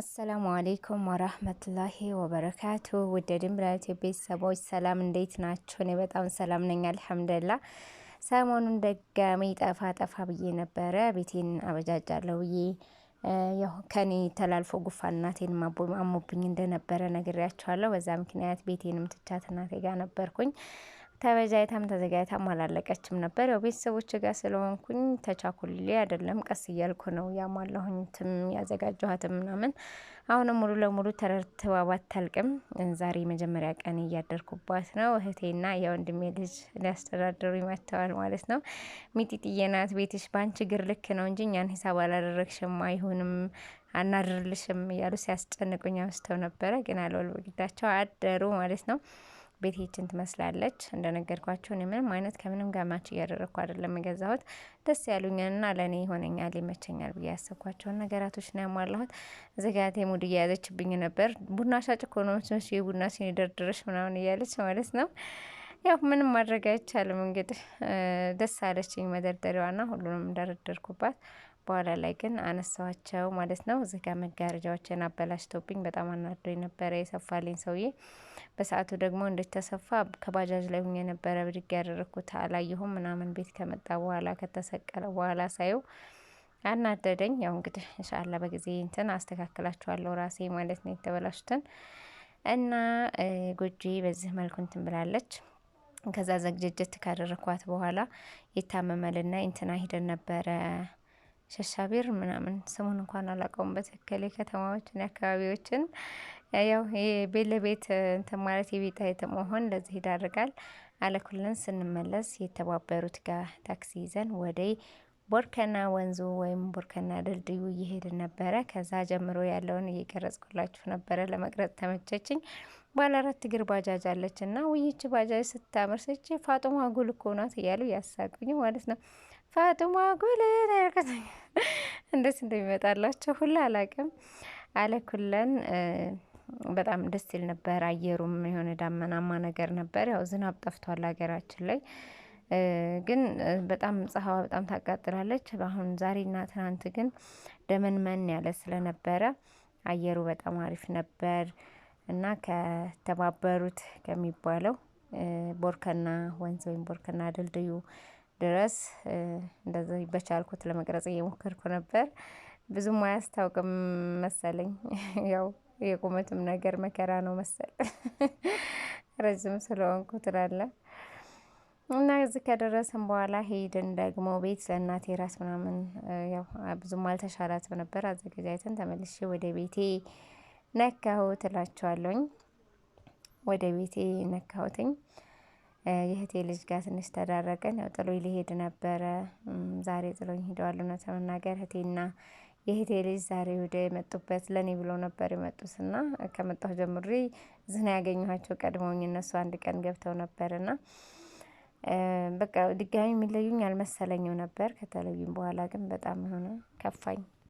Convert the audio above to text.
አሰላሙ አሌይኩም ወራህመቱላሂ ወበረካቱ ውድ ድንብረት ቤተሰቦች ሰላም እንዴት ናቸው? እኔ በጣም ሰላም ነኝ አልሐምደላ። ሰሞኑን ደጋሚ ጠፋ ጠፋ ብዬ ነበረ ቤቴን አበጃጃለሁ ብዬ ከኔ ተላልፎ ጉንፋን እናቴን አሞብኝ እንደነበረ ነግሬያቸዋለሁ። በዛ ምክንያት ቤቴንም ትቻት እናቴ ጋር ነበርኩኝ። ተበጃይታም ተዘጋጅታም አላለቀችም ነበር። ያው ቤተሰቦች ጋር ስለሆንኩኝ ተቻኩሌ አይደለም ቀስ እያልኩ ነው ያሟላሁኝትም ያዘጋጀኋትም ምናምን። አሁንም ሙሉ ለሙሉ ተረትባባት ታልቅም። ዛሬ መጀመሪያ ቀን እያደርኩባት ነው። እህቴና የወንድሜ ልጅ ሊያስተዳድሩ ይመጥተዋል ማለት ነው። ሚጢጥዬ ናት። ቤትሽ በአንቺ ግር ልክ ነው እንጂ እኛን ሂሳብ አላደረግሽም፣ አይሁንም አናድርልሽም እያሉ ሲያስጨንቁኝ አምስተው ነበረ። ግን አልወል በግዳቸው አደሩ ማለት ነው። ቤት ቤቴችን ትመስላለች። እንደነገርኳቸው እኔ ምንም አይነት ከምንም ጋር ማች እያደረግኩ አይደለም የገዛሁት። ደስ ያሉኛንና ለእኔ ይሆነኛል ይመቸኛል ብዬ ያሰብኳቸውን ነገራቶች ነው ያሟላሁት። ዝጋቴ ሙድ እየያዘችብኝ ነበር። ቡና ሻጭ ኮኖች ነው ቡና ሲኒ ደርድረሽ ምናምን እያለች ማለት ነው። ያው ምንም ማድረግ አይቻልም እንግዲህ ደስ አለችኝ መደርደሪያዋና ሁሉንም እንደረደርኩባት በኋላ ላይ ግን አነሳዋቸው ማለት ነው። እዚህ ጋር መጋረጃዎችን በጣም አናዶ ነበረ የሰፋልኝ ሰውዬ በሰዓቱ ደግሞ እንደተሰፋ ከባጃጅ ላይ ሁኜ ነበረ ብድግ ያደረግኩት አላየሁም ምናምን። ቤት ከመጣ በኋላ ከተሰቀለ በኋላ ሳየው አናደደኝ። ያው እንግዲህ እንሻላ በጊዜ እንትን አስተካክላችኋለሁ ራሴ ማለት ነው የተበላሹትን እና ጎጂ በዚህ መልኩ እንትን ብላለች። ከዛ ዘግጀጀት ካደረኳት በኋላ የታመመልና እንትና ሂደን ነበረ ሸሻቢር ምናምን ስሙን እንኳን አላውቀውም በትክክል የከተማዎችን የአካባቢዎችን ያው ቤት ለቤት እንትን ማለት የቤት አይት መሆን ለዚህ ይዳርጋል። አለኩልን ስንመለስ የተባበሩት ጋር ታክሲ ይዘን ወደ ቦርከና ወንዙ ወይም ቦርከና ድልድዩ እየሄድን ነበረ። ከዛ ጀምሮ ያለውን እየቀረጽኩላችሁ ነበረ። ለመቅረጽ ተመቸችኝ። ባለ አራት እግር ባጃጅ አለች እና ውይች ባጃጅ ስታምር ስች ፋጡማ ጉል እኮ ናት እያሉ ያሳቁኝ ማለት ነው። ፋጡማ ጉል እንዴት እንደሚመጣላቸው ሁላ አላቅም አለኩለን በጣም ደስ ይል ነበር። አየሩም የሆነ ዳመናማ ነገር ነበር። ያው ዝናብ ጠፍቷል ሀገራችን ላይ ግን በጣም ፀሐዋ በጣም ታቃጥላለች። በአሁን ዛሬና ትናንት ግን ደመንመን ያለ ስለነበረ አየሩ በጣም አሪፍ ነበር እና ከተባበሩት ከሚባለው ቦርከና ወንዝ ወይም ቦርከና ድልድዩ ድረስ እንደዚህ በቻልኩት ለመቅረጽ እየሞከርኩ ነበር። ብዙም አያስታውቅም መሰለኝ ያው የቁመትም ነገር መከራ ነው መሰል ረዝም ስለሆንኩ ትላለ እና እዚህ ከደረስን በኋላ ሄድን ደግሞ ቤት ለእናቴ ራስ ምናምን ያው ብዙም አልተሻላትም ነበር። አዘገጃጅተን ተመልሼ ወደ ቤቴ ነካሁት እላችኋለሁኝ። ወደ ቤቴ ነካሁትኝ። የህቴ ልጅ ጋር ትንሽ ተዳረቀን። ያው ጥሎ ሊሄድ ነበረ ዛሬ ጥሎኝ ሄደዋል። እውነት ለመናገር ህቴና የእህቴ ልጅ ዛሬ ወደ የመጡበት ለእኔ ብሎ ነበር የመጡት ና ከመጣሁ ጀምሬ ዝና ያገኘኋቸው ቀድመውኝ እነሱ አንድ ቀን ገብተው ነበር ና በቃ ድጋሚ የሚለዩኝ አልመሰለኝም ነበር። ከተለዩም በኋላ ግን በጣም የሆነ ከፋኝ።